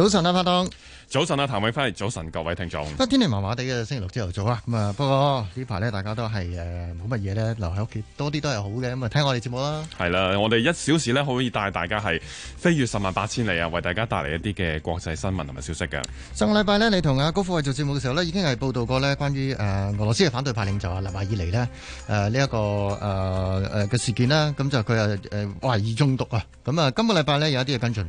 早晨啊，拍檔！早晨啊，譚偉輝！早晨，各位聽眾。今天氣麻麻地嘅星期六朝頭早啊，咁啊，不過呢排咧，大家都係誒冇乜嘢咧，留喺屋企多啲都係好嘅，咁啊，聽我哋節目啦。係啦，我哋一小時咧可以帶大家係飛越十萬八千里啊，為大家帶嚟一啲嘅國際新聞同埋消息嘅。上個禮拜咧，你同阿高富慧做節目嘅時候呢，已經係報道過呢關於誒俄羅斯嘅反對派領袖啊，納瓦爾尼呢，誒呢一個誒誒嘅事件啦，咁就佢誒誒懷疑中毒啊，咁啊，今個禮拜呢，有一啲嘢跟進。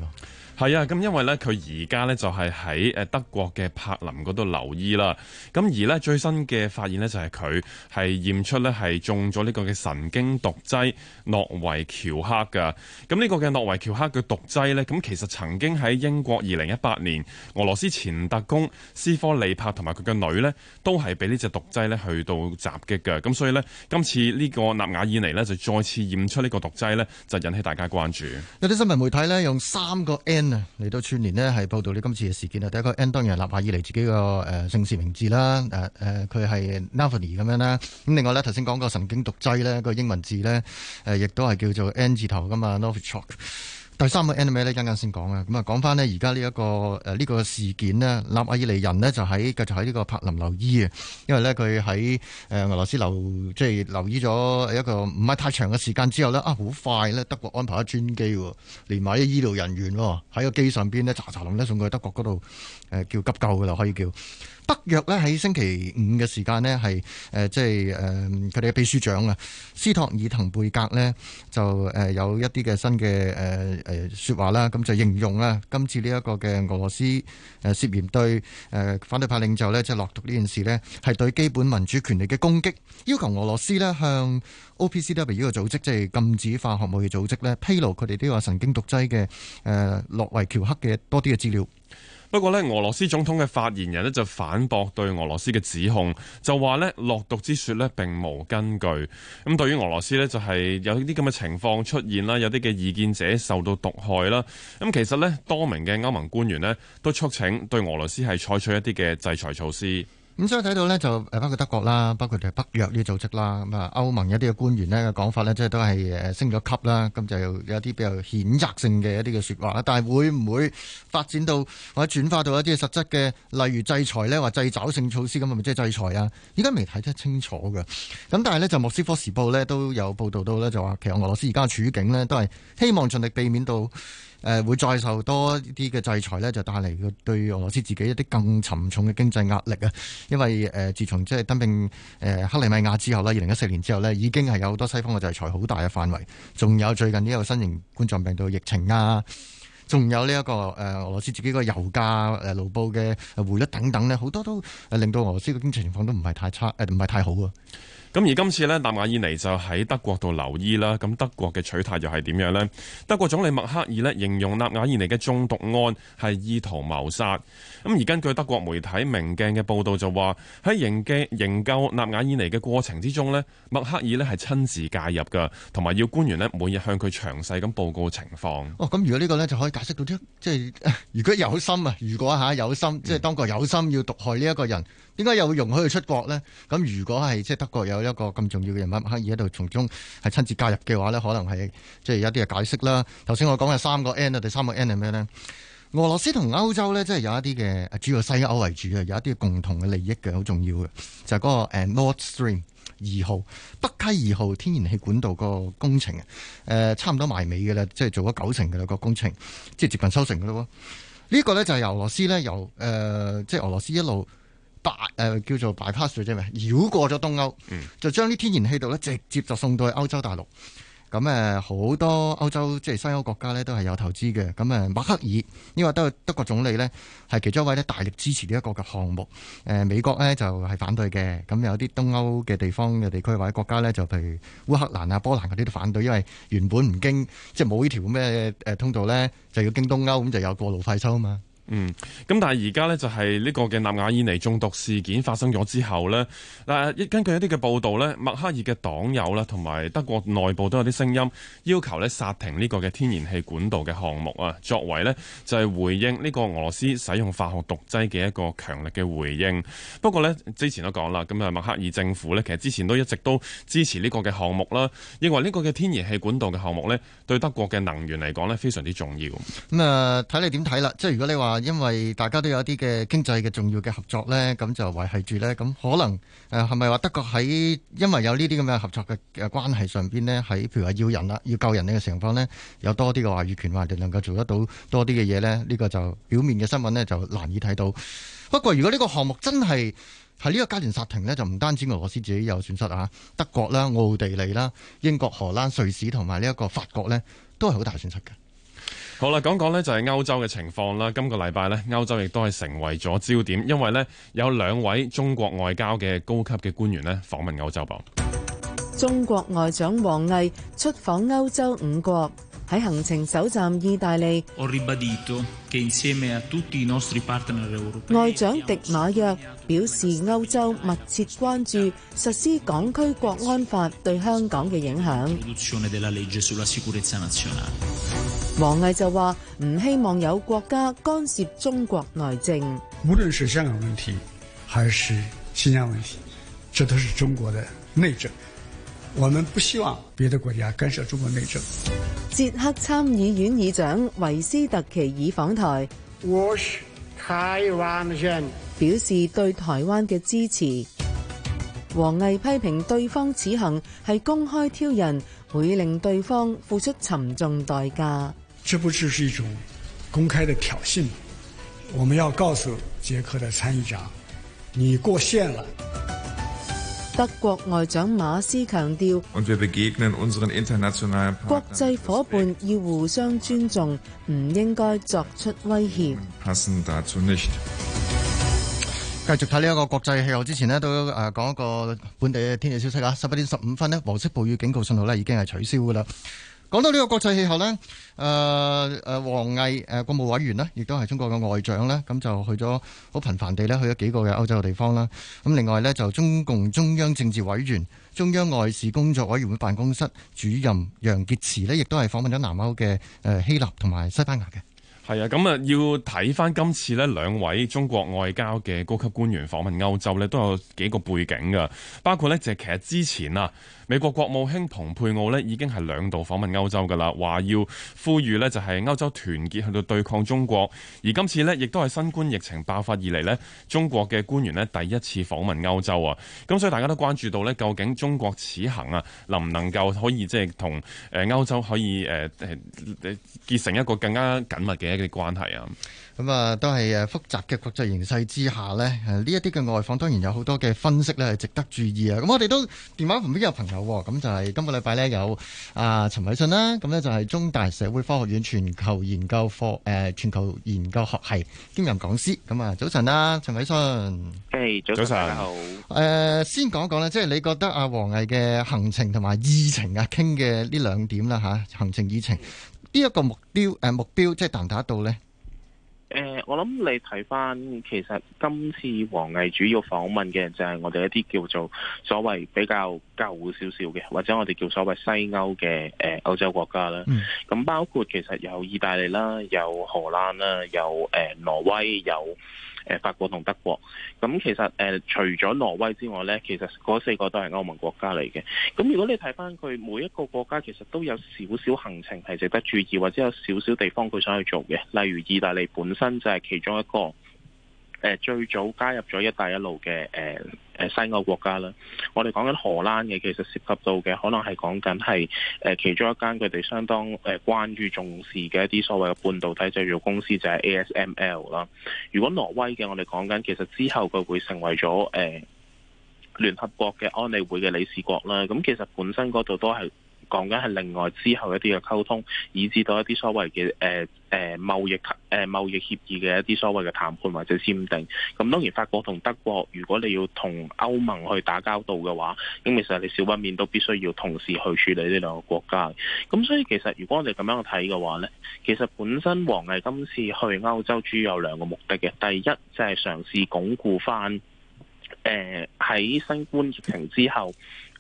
係啊，咁因為咧，佢而家咧就係喺誒德國嘅柏林嗰度留醫啦。咁而呢，最新嘅發現呢就係佢係驗出呢係中咗呢個嘅神經毒劑諾維喬克㗎。咁呢個嘅諾維喬克嘅毒劑呢，咁其實曾經喺英國二零一八年，俄羅斯前特工斯科利帕同埋佢嘅女呢，都係俾呢隻毒劑呢去到襲擊㗎。咁所以呢，今次呢個納瓦爾尼呢，就再次驗出呢個毒劑呢，就引起大家關注。有啲新聞媒體呢，用三個 N。嚟到串連咧，係報道呢今次嘅事件，第一個 N 當然立下以嚟自己個誒、呃、姓氏名字啦，佢係 Navalny 咁樣啦。咁、呃、另外呢，頭先講個神經毒劑呢，個英文字呢，呃、亦都係叫做 N 字頭㗎嘛，Novichok。 第三個 e n i m a l 咧，陣間先講啊。咁啊講翻呢，而家呢一個誒呢個事件呢，納阿爾尼人呢，就喺繼續喺呢個柏林留醫啊，因為咧佢喺誒俄羅斯留即係、就是、留醫咗一個唔係太長嘅時間之後咧，啊好快咧德國安排咗專機連埋啲醫療人員喎喺個機上邊咧查查淋咧送佢去德國嗰度誒叫急救㗎喇可以叫。北約咧喺星期五嘅時間咧係誒，即係誒，佢哋嘅秘書長啊，斯托爾滕貝格咧就誒有一啲嘅新嘅誒誒說話啦，咁就形容啊今次呢一個嘅俄羅斯誒涉嫌對誒反對派領袖咧即係落毒呢件事咧係對基本民主權利嘅攻擊，要求俄羅斯咧向 OPCW 呢個組織即係禁止化學武器組織咧披露佢哋呢個神經毒劑嘅誒諾維喬克嘅多啲嘅資料。不過呢俄羅斯總統嘅發言人呢，就反駁對俄羅斯嘅指控，就話呢落毒之說呢並無根據。咁對於俄羅斯呢，就係，是，有啲咁嘅情況出現啦，有啲嘅異見者受到毒害啦。咁其實呢，多名嘅歐盟官員呢，都促請對俄羅斯係採取一啲嘅制裁措施。咁所以睇到呢，就包括德國啦，包括佢哋北約呢啲組織啦，咁啊歐盟一啲嘅官員呢嘅講法呢，即係都係升咗級啦，咁就有啲比較譴責性嘅一啲嘅說話啦。但係會唔會發展到或者轉化到一啲實質嘅，例如制裁呢，或制裁性措施咁，係咪即係制裁啊？依家未睇得清楚㗎。咁但係呢，就莫斯科時報呢都有報導到呢，就話其實俄羅斯而家嘅處境呢，都係希望盡力避免到。誒、呃，會再受多啲嘅制裁呢，就帶嚟個對俄羅斯自己一啲更沉重嘅經濟壓力啊！因為誒、呃，自從即係吞併誒、呃、克里米亞之後呢二零一四年之後呢，已經係有好多西方嘅制裁很大的範圍，好大嘅範圍。仲有最近呢個新型冠狀病毒的疫情啊，仲有呢、這、一個誒、呃、俄羅斯自己個油價誒盧布嘅匯率等等呢，好多都令到俄羅斯嘅經濟情況都唔係太差誒，唔、呃、係太好啊！咁而今次呢，納瓦爾尼就喺德國度留醫啦。咁德國嘅取態又係點樣呢？德國總理默克爾呢，形容納瓦爾尼嘅中毒案係意圖謀殺。咁而根據德國媒體《明鏡》嘅報導就話，喺營嘅營救納瓦爾尼嘅過程之中呢，默克爾呢係親自介入㗎，同埋要官員呢每日向佢詳細咁報告情況。哦，咁如果呢個呢就可以解釋到啲，即係如果有心啊，如果吓、啊、有心，即係當個有心要毒害呢一個人。嗯點解又會容許佢出國呢？咁如果係即係德國有一個咁重要嘅人物默克爾喺度從中係親自介入嘅話呢，可能係即係有啲嘅解釋啦。頭先我講嘅三個 N 啊，第三個 N 係咩呢？俄羅斯同歐洲呢，即係有一啲嘅主要西歐為主嘅，有一啲共同嘅利益嘅，好重要嘅。就係、是、嗰個誒 Nord Stream 二號北溪二號天然氣管道個工程啊！誒、呃，差唔多埋尾嘅啦，即係做咗九成嘅啦個工程，即係接近收成嘅咯。呢、這個呢，就係、是、俄羅斯呢，由誒、呃、即係俄羅斯一路。白誒叫做 bypass 咗啫，咪繞過咗東歐，嗯、就將啲天然氣度咧直接就送到去歐洲大陸。咁誒好多歐洲即係西歐國家咧都係有投資嘅。咁誒，默克爾呢個德德國總理呢，係其中一位咧大力支持呢一個嘅項目、呃。美國呢，就係、是、反對嘅。咁有啲東歐嘅地方嘅地區或者國家呢，就譬如烏克蘭啊、波蘭嗰啲都反對，因為原本唔經即係冇呢條咩通道呢，就要經東歐咁就有過路費收啊嘛。嗯，咁但係而家咧就係呢個嘅納瓦爾尼中毒事件發生咗之後咧，嗱，根據一啲嘅報道咧，默克爾嘅黨友啦，同埋德國內部都有啲聲音要求咧煞停呢個嘅天然氣管道嘅項目啊，作為咧就係回應呢個俄羅斯使用化學毒劑嘅一個強力嘅回應。不過咧之前都講啦，咁啊默克爾政府咧其實之前都一直都支持呢個嘅項目啦，認為呢個嘅天然氣管道嘅項目咧對德國嘅能源嚟講咧非常之重要。咁啊睇你點睇啦，即係如果你話。啊，因為大家都有一啲嘅經濟嘅重要嘅合作呢，咁就維繫住呢。咁可能誒係咪話德國喺因為有呢啲咁嘅合作嘅誒關係上邊呢？喺譬如話要人啦，要救人呢個情況呢，有多啲嘅話語權，話定能夠做得到多啲嘅嘢呢？呢個就表面嘅新聞呢，就難以睇到。不過如果呢個項目真係喺呢個階段殺停呢，就唔單止俄羅斯自己有損失啊，德國啦、奧地利啦、英國、荷蘭、瑞士同埋呢一個法國呢，都係好大損失嘅。好啦，講講呢就係歐洲嘅情況啦。今個禮拜呢，歐洲亦都係成為咗焦點，因為呢有兩位中國外交嘅高級嘅官員呢訪問歐洲噃。中國外長王毅出訪歐洲五國，喺行程首站意大利。外長迪馬約表示，歐洲密切關注實施港區國安法對香港嘅影響。王毅就話唔希望有國家干涉中國內政。無論是香港問題還是新疆問題，這都是中國的內政，我們不希望別的國家干涉中國內政。捷克參議院議長維斯特奇爾訪台，表示對臺灣嘅支持。王毅批評對方此行係公開挑釁，會令對方付出沉重代價。這不就是一種公開的挑釁嗎？我們要告訴捷克的參議長，你過線了。德國外長馬斯強調，國際伙伴要互相尊重，唔應該作出威脅。繼續睇呢一個國際氣候，之前咧都誒講一個本地嘅天氣消息啊。十一點十五分咧，黃色暴雨警告信號咧已經係取消噶啦。講到呢個國際氣候呢誒誒、呃，王毅誒、呃，國務委員呢，亦都係中國嘅外長呢，咁就去咗好頻繁地呢去咗幾個嘅歐洲嘅地方啦。咁另外呢，就中共中央政治委員、中央外事工作委員會辦公室主任楊潔篪呢，亦都係訪問咗南歐嘅誒希臘同埋西班牙嘅。係啊，咁啊，要睇翻今次呢兩位中國外交嘅高級官員訪問歐洲呢，都有幾個背景噶，包括呢，就係、是、其實之前啊。美國國務卿蓬佩奧呢已經係兩度訪問歐洲㗎喇，話要呼籲呢就係歐洲團結去到對抗中國。而今次呢，亦都係新冠疫情爆發以嚟呢，中國嘅官員呢第一次訪問歐洲啊！咁所以大家都關注到呢，究竟中國此行啊，能唔能夠可以即係同誒歐洲可以誒誒結成一個更加緊密嘅一啲關係啊？咁、嗯、啊，都係誒複雜嘅國際形勢之下呢，呢一啲嘅外訪當然有好多嘅分析呢，係值得注意啊。咁我哋都電話旁邊有朋友，咁、啊、就係今個禮拜呢，有阿陳偉信啦。咁、啊、呢就係、是、中大社會科學院全球研究科誒、啊、全球研究學系兼任講師。咁啊，早晨啦，陳、啊、偉信，係、hey, 早晨，早晨好。誒、呃，先講講呢即係你覺得阿王毅嘅行程同埋議程啊，傾嘅呢兩點啦吓、啊，行程議程呢一、這個目標誒、啊、目標，即係達唔達到呢？呃、我諗你睇翻，其實今次王毅主要訪問嘅就係我哋一啲叫做所謂比較舊少少嘅，或者我哋叫所謂西歐嘅誒、呃、歐洲國家啦。咁、嗯、包括其實有意大利啦，有荷蘭啦，有誒、呃、挪威，有誒法國同德國，咁其實誒、呃、除咗挪威之外呢，其實嗰四個都係歐盟國家嚟嘅。咁如果你睇翻佢每一個國家，其實都有少少行程係值得注意，或者有少少地方佢想去做嘅，例如意大利本身就係其中一個。誒最早加入咗一帶一路嘅誒誒西歐國家啦，我哋講緊荷蘭嘅，其實涉及到嘅可能係講緊係誒其中一間佢哋相當誒關注重視嘅一啲所謂嘅半導體製造、就是、公司，就係、是、ASML 啦。如果挪威嘅，我哋講緊其實之後佢會成為咗誒、呃、聯合國嘅安理會嘅理事國啦。咁其實本身嗰度都係。講緊係另外之後一啲嘅溝通，以至到一啲所謂嘅誒誒貿易誒、啊、貿易協議嘅一啲所謂嘅談判或者簽訂。咁當然法國同德國，如果你要同歐盟去打交道嘅話，咁其實你小不 b 都必須要同時去處理呢兩個國家。咁所以其實如果我哋咁樣去睇嘅話呢，其實本身王毅今次去歐洲主要有兩個目的嘅。第一就係、是、嘗試鞏固翻誒喺新冠疫情之後。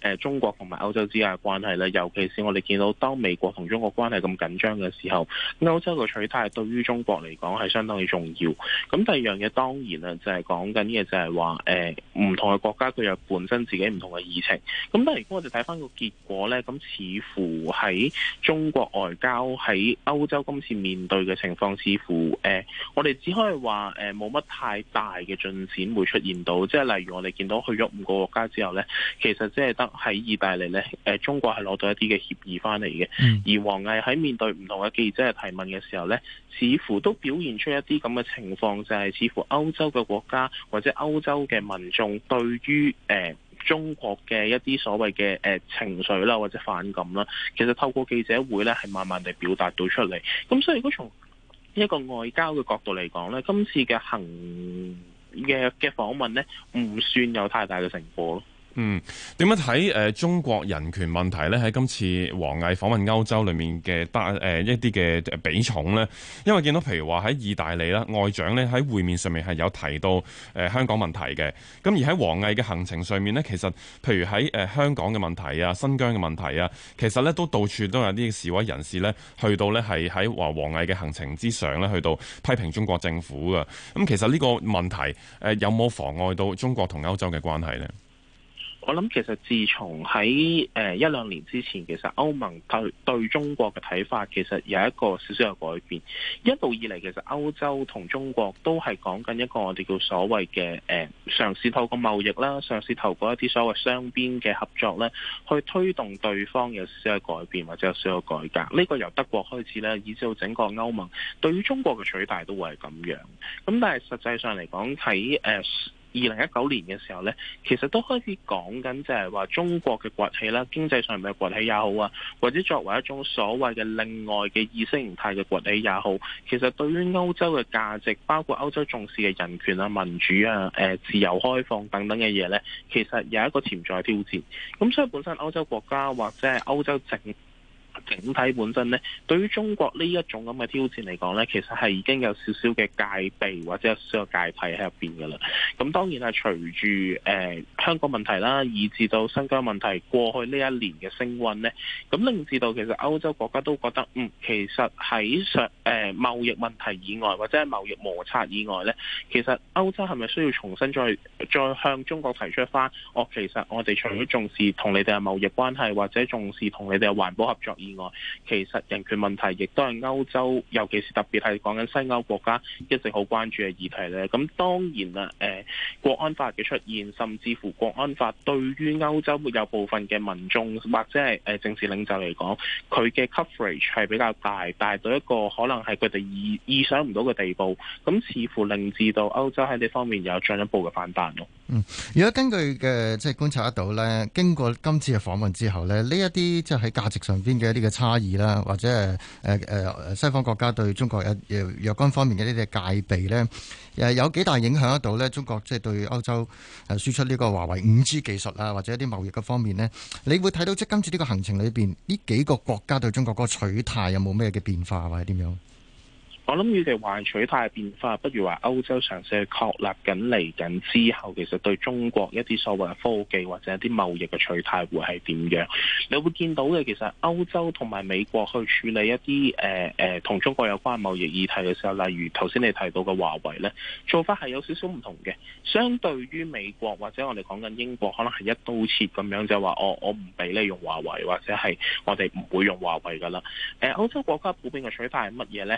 誒中國同埋歐洲之間嘅關係咧，尤其是我哋見到當美國同中國關係咁緊張嘅時候，歐洲嘅取態對於中國嚟講係相當之重要。咁第二樣嘢當然啦，就係講緊嘅就係話誒唔同嘅國家佢有本身自己唔同嘅議程。咁但係如果我哋睇翻個結果呢，咁似乎喺中國外交喺歐洲今次面對嘅情況，似乎誒、欸、我哋只可以話誒冇乜太大嘅進展會出現到。即係例如我哋見到去咗五個國家之後呢，其實即係得。喺意大利咧，誒中國係攞到一啲嘅協議翻嚟嘅，嗯、而王毅喺面對唔同嘅記者嘅提問嘅時候咧，似乎都表現出一啲咁嘅情況，就係、是、似乎歐洲嘅國家或者歐洲嘅民眾對於誒、呃、中國嘅一啲所謂嘅誒情緒啦，或者反感啦，其實透過記者會咧，係慢慢地表達到出嚟。咁所以如果從一個外交嘅角度嚟講咧，今次嘅行嘅嘅訪問咧，唔算有太大嘅成果。嗯，點樣睇誒？中國人權問題咧，喺今次王毅訪問歐洲裏面嘅誒、呃、一啲嘅比重咧，因為見到譬如話喺意大利啦，外長咧喺會面上面係有提到誒、呃、香港問題嘅。咁而喺王毅嘅行程上面咧，其實譬如喺誒、呃、香港嘅問題啊、新疆嘅問題啊，其實咧都到處都有啲示威人士咧去到咧係喺王王毅嘅行程之上咧去到批評中國政府噶。咁、嗯、其實呢個問題誒、呃、有冇妨礙到中國同歐洲嘅關係呢？我諗其實自從喺誒一兩年之前，其實歐盟對對中國嘅睇法，其實有一個少少嘅改變。一路以嚟，其實歐洲同中國都係講緊一個我哋叫所謂嘅誒，嘗試透過貿易啦，嘗試透過一啲所謂雙邊嘅合作咧，去推動對方有少少改變或者有少少改革。呢個由德國開始咧，以至到整個歐盟對於中國嘅取態都會係咁樣。咁但係實際上嚟講，喺誒。二零一九年嘅時候呢，其實都開始講緊，就係話中國嘅崛起啦，經濟上面嘅崛起也好啊，或者作為一種所謂嘅另外嘅意識形態嘅崛起也好，其實對於歐洲嘅價值，包括歐洲重視嘅人權啊、民主啊、誒自由開放等等嘅嘢呢，其實有一個潛在挑戰。咁所以本身歐洲國家或者係歐洲政。整體本身呢，對於中國呢一種咁嘅挑戰嚟講呢，其實係已經有少少嘅戒備或者少少嘅戒備喺入邊嘅啦。咁當然係、啊、隨住誒、呃、香港問題啦，以至到新疆問題過去呢一年嘅升溫呢，咁令至到其實歐洲國家都覺得，嗯，其實喺上誒貿易問題以外，或者係貿易摩擦以外呢，其實歐洲係咪需要重新再再向中國提出翻？我、哦、其實我哋除咗重視同你哋嘅貿易關係，或者重視同你哋嘅環保合作以其實人權問題亦都係歐洲，尤其是特別係講緊西歐國家一直好關注嘅議題呢。咁當然啦，誒國安法嘅出現，甚至乎國安法對於歐洲有部分嘅民眾或者係誒政治領袖嚟講，佢嘅 coverage 係比較大，但係到一個可能係佢哋意意想唔到嘅地步。咁似乎令至到歐洲喺呢方面有進一步嘅反彈咯。嗯，如果根據嘅即係觀察得到呢，經過今次嘅訪問之後呢，呢一啲即係喺價值上邊嘅一啲，嘅差異啦，或者誒誒誒西方國家對中國誒若干方面嘅呢啲嘅戒備咧，誒有幾大影響得到咧？中國即係對歐洲誒輸出呢個華為五 G 技術啊，或者一啲貿易嘅方面咧，你會睇到即係今次呢個行程裏邊呢幾個國家對中國個取態有冇咩嘅變化或者點樣。我諗佢哋話取態變化，不如話歐洲嘗試去確立緊嚟緊之後，其實對中國一啲所謂嘅科技或者一啲貿易嘅取態會係點樣？你會見到嘅其實歐洲同埋美國去處理一啲誒誒同中國有關嘅貿易議題嘅時候，例如頭先你提到嘅華為呢，做法係有少少唔同嘅。相對於美國或者我哋講緊英國，可能係一刀切咁樣就話、是哦、我我唔俾你用華為，或者係我哋唔會用華為噶啦。誒、呃，歐洲國家普遍嘅取態係乜嘢呢？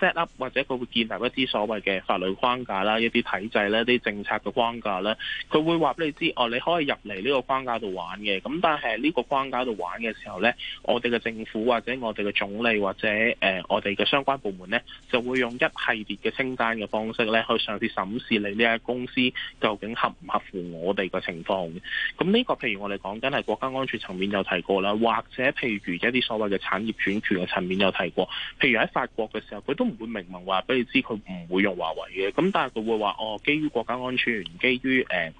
set up 或者佢會建立一啲所謂嘅法律框架啦，一啲體制咧，一啲政策嘅框架咧，佢會話俾你知哦，你可以入嚟呢個框架度玩嘅。咁但係呢個框架度玩嘅時候呢，我哋嘅政府或者我哋嘅總理或者誒、呃、我哋嘅相關部門呢，就會用一系列嘅清單嘅方式呢去嘗試審視你呢間公司究竟合唔合乎我哋嘅情況。咁呢個譬如我哋講緊係國家安全層面有提過啦，或者譬如一啲所謂嘅產業轉權嘅層面有提過。譬如喺法國嘅時候，佢都都唔會明文話俾你知佢唔會用華為嘅。咁但係佢會話哦，基於國家安全，基於誒、呃，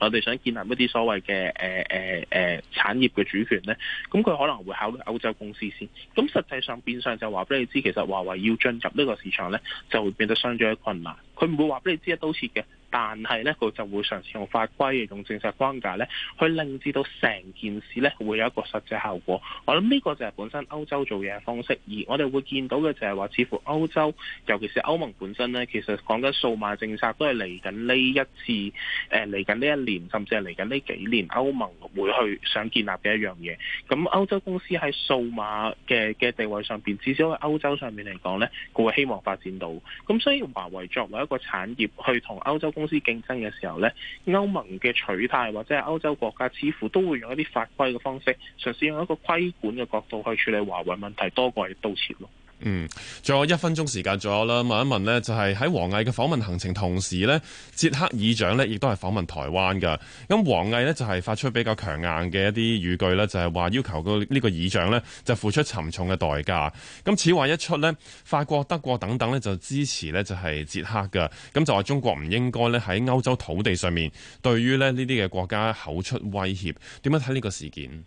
我哋想建立一啲所謂嘅誒誒誒產業嘅主權咧。咁佢可能會考慮歐洲公司先。咁實際上變相就話俾你知，其實華為要進入呢個市場咧，就會變得相對困難。佢唔會話俾你知一刀切嘅，但係咧佢就會嘗試用法規，用政策框架咧，去令至到成件事咧會有一個實際效果。我諗呢個就係本身歐洲做嘢嘅方式，而我哋會見到嘅就係話，似乎歐洲尤其是歐盟本身咧，其實講緊數碼政策都係嚟緊呢一次誒嚟緊呢一年，甚至係嚟緊呢幾年，歐盟會去想建立嘅一樣嘢。咁歐洲公司喺數碼嘅嘅地位上邊，至少喺歐洲上面嚟講咧，佢會希望發展到。咁所以華為作為一個個產業去同歐洲公司競爭嘅時候咧，歐盟嘅取態或者係歐洲國家，似乎都會用一啲法規嘅方式，嘗試用一個規管嘅角度去處理華為問題，多過係盜竊咯。嗯，仲有一分鐘時間，左右啦，問一問呢，就係喺王毅嘅訪問行程同時呢，捷克議長呢亦都係訪問台灣嘅。咁王毅呢，就係發出比較強硬嘅一啲語句呢，就係、是、話要求個呢個議長呢就付出沉重嘅代價。咁此話一出呢，法國、德國等等呢就支持呢，就係捷克嘅。咁就話中國唔應該呢喺歐洲土地上面對於呢呢啲嘅國家口出威脅。點樣睇呢個事件？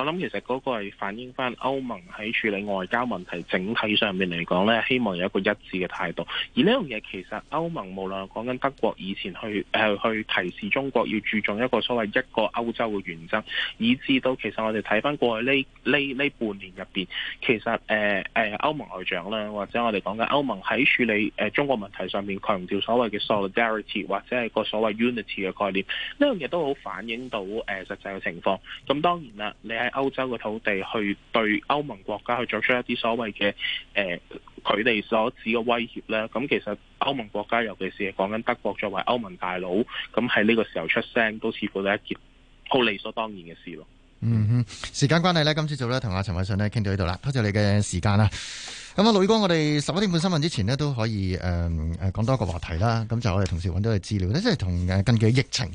我諗其實嗰個係反映翻歐盟喺處理外交問題整體上面嚟講呢，希望有一個一致嘅態度。而呢樣嘢其實歐盟無論講緊德國以前去、呃、去提示中國要注重一個所謂一個歐洲嘅原則，以至到其實我哋睇翻過去呢呢呢半年入邊，其實誒誒歐盟外長啦，或者我哋講緊歐盟喺處理誒中國問題上面強調所謂嘅 solidarity 或者係個所謂 unity 嘅概念，呢樣嘢都好反映到誒、呃、實際嘅情況。咁當然啦，你係。歐洲嘅土地去對歐盟國家去作出一啲所謂嘅誒，佢哋所指嘅威脅咧，咁其實歐盟國家尤其是講緊德國作為歐盟大佬，咁喺呢個時候出聲，都似乎係一件好理所當然嘅事咯。嗯哼，時間關係咧，今次早咧同阿陳偉信咧傾到呢度啦，多謝你嘅時間啊。咁啊，呂哥，我哋十一點半新聞之前呢，都可以誒誒講多一個話題啦。咁就我哋同時揾到嘅資料咧，即係同根據疫情。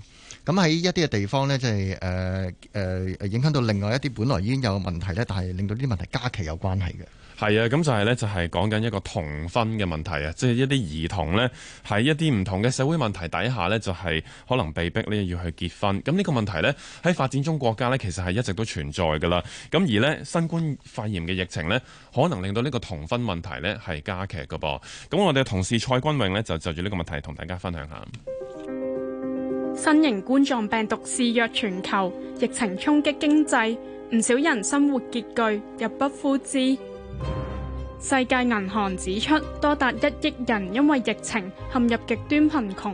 咁喺一啲嘅地方呢，即係誒誒影響到另外一啲本來已經有問題呢，但係令到呢啲問題加劇有關係嘅。係啊，咁就係呢，就係、是、講緊一個童婚嘅問題啊，即、就、係、是、一啲兒童呢，喺一啲唔同嘅社會問題底下呢，就係、是、可能被逼呢要去結婚。咁呢個問題呢，喺發展中國家呢，其實係一直都存在噶啦。咁而呢，新冠肺炎嘅疫情呢，可能令到呢個童婚問題呢係加劇噶噃。咁我哋嘅同事蔡君穎呢，就就住呢個問題同大家分享一下。新型冠狀病毒肆虐全球，疫情衝擊經濟，唔少人生活拮據，入不敷支。世界銀行指出，多達一億人因為疫情陷入極端貧窮。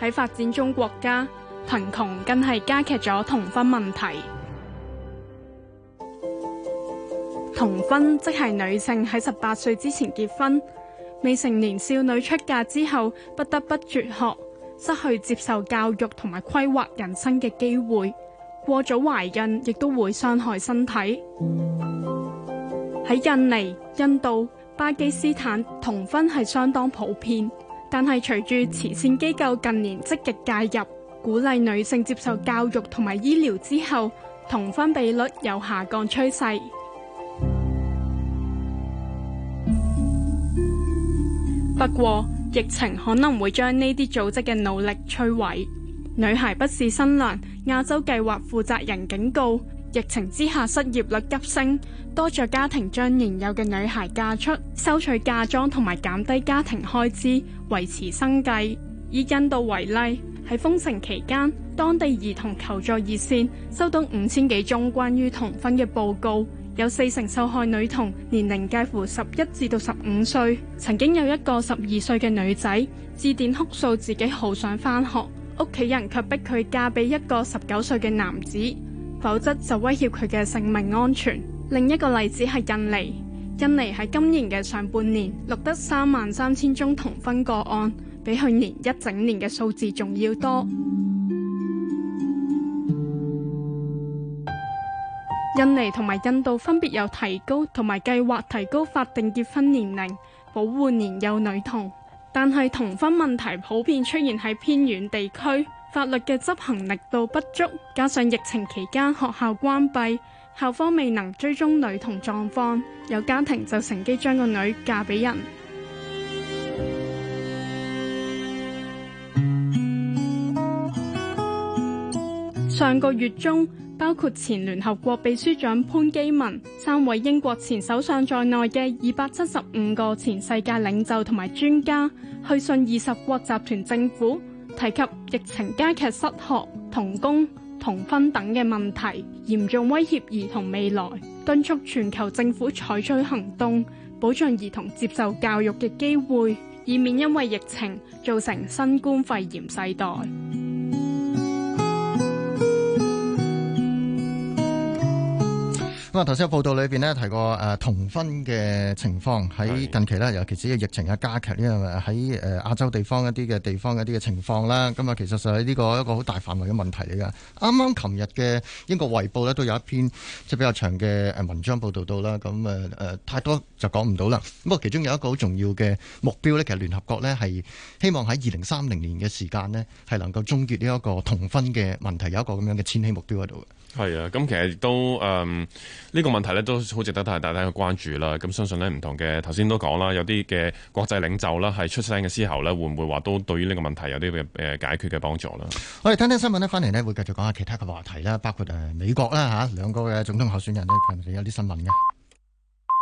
喺發展中國家，貧窮更係加劇咗童婚問題。童婚即係女性喺十八歲之前結婚。未成年少女出嫁之後，不得不輟學。失去接受教育同埋規劃人生嘅機會，過早懷孕亦都會傷害身體。喺印尼、印度、巴基斯坦，童婚係相當普遍，但係隨住慈善機構近年積極介入，鼓勵女性接受教育同埋醫療之後，童婚比率有下降趨勢。不過，疫情可能會將呢啲組織嘅努力摧毀。女孩不是新娘，亞洲計劃負責人警告：疫情之下失業率急升，多咗家庭將年幼嘅女孩嫁出，收取嫁妝同埋減低家庭開支，維持生計。以印度為例，喺封城期間，當地兒童求助熱線收到五千幾宗關於童婚嘅報告。有四成受害女童年齡介乎十一至到十五歲，曾經有一個十二歲嘅女仔致電哭訴自己好想返學，屋企人卻逼佢嫁俾一個十九歲嘅男子，否則就威脅佢嘅性命安全。另一個例子係印尼，印尼喺今年嘅上半年錄得三萬三千宗童婚個案，比去年一整年嘅數字仲要多。印尼同埋印度分別有提高同埋計劃提高法定結婚年齡，保護年幼女童。但係童婚問題普遍出現喺偏遠地區，法律嘅執行力度不足，加上疫情期間學校關閉，校方未能追蹤女童狀況，有家庭就乘機將個女嫁俾人。 上個月中。包括前聯合國秘書長潘基文、三位英國前首相在內嘅二百七十五個前世界領袖同埋專家，去信二十國集團政府，提及疫情加劇失學、童工、童婚等嘅問題，嚴重威脅兒童未來，敦促全球政府採取行動，保障兒童接受教育嘅機會，以免因為疫情造成新冠肺炎世代。.咁啊，頭先報道裏邊呢，提過、呃、童婚嘅情況喺近期呢，尤其是個疫情啊加劇呢個喺亞洲地方一啲嘅地方一啲嘅情況啦。咁啊，其實就係呢個一個好大範圍嘅問題嚟噶。啱啱琴日嘅英國《衛報》呢，都有一篇即係比較長嘅文章報道到啦。咁太多就講唔到啦。不過其中有一個好重要嘅目標呢，其實聯合國呢係希望喺二零三零年嘅時間呢，係能夠終結呢一個童婚嘅問題，有一個咁樣嘅千禧目標喺度。係啊，咁其實亦都誒呢個問題咧，都好值得大大家去關注啦。咁相信咧，唔同嘅頭先都講啦，有啲嘅國際領袖啦，係出聲嘅時候咧，會唔會話都對於呢個問題有啲嘅解決嘅幫助啦？我哋聽聽新聞咧，翻嚟咧會繼續講下其他嘅話題啦，包括美國啦嚇、啊、兩個嘅總統候選人咧，近期有啲新聞嘅。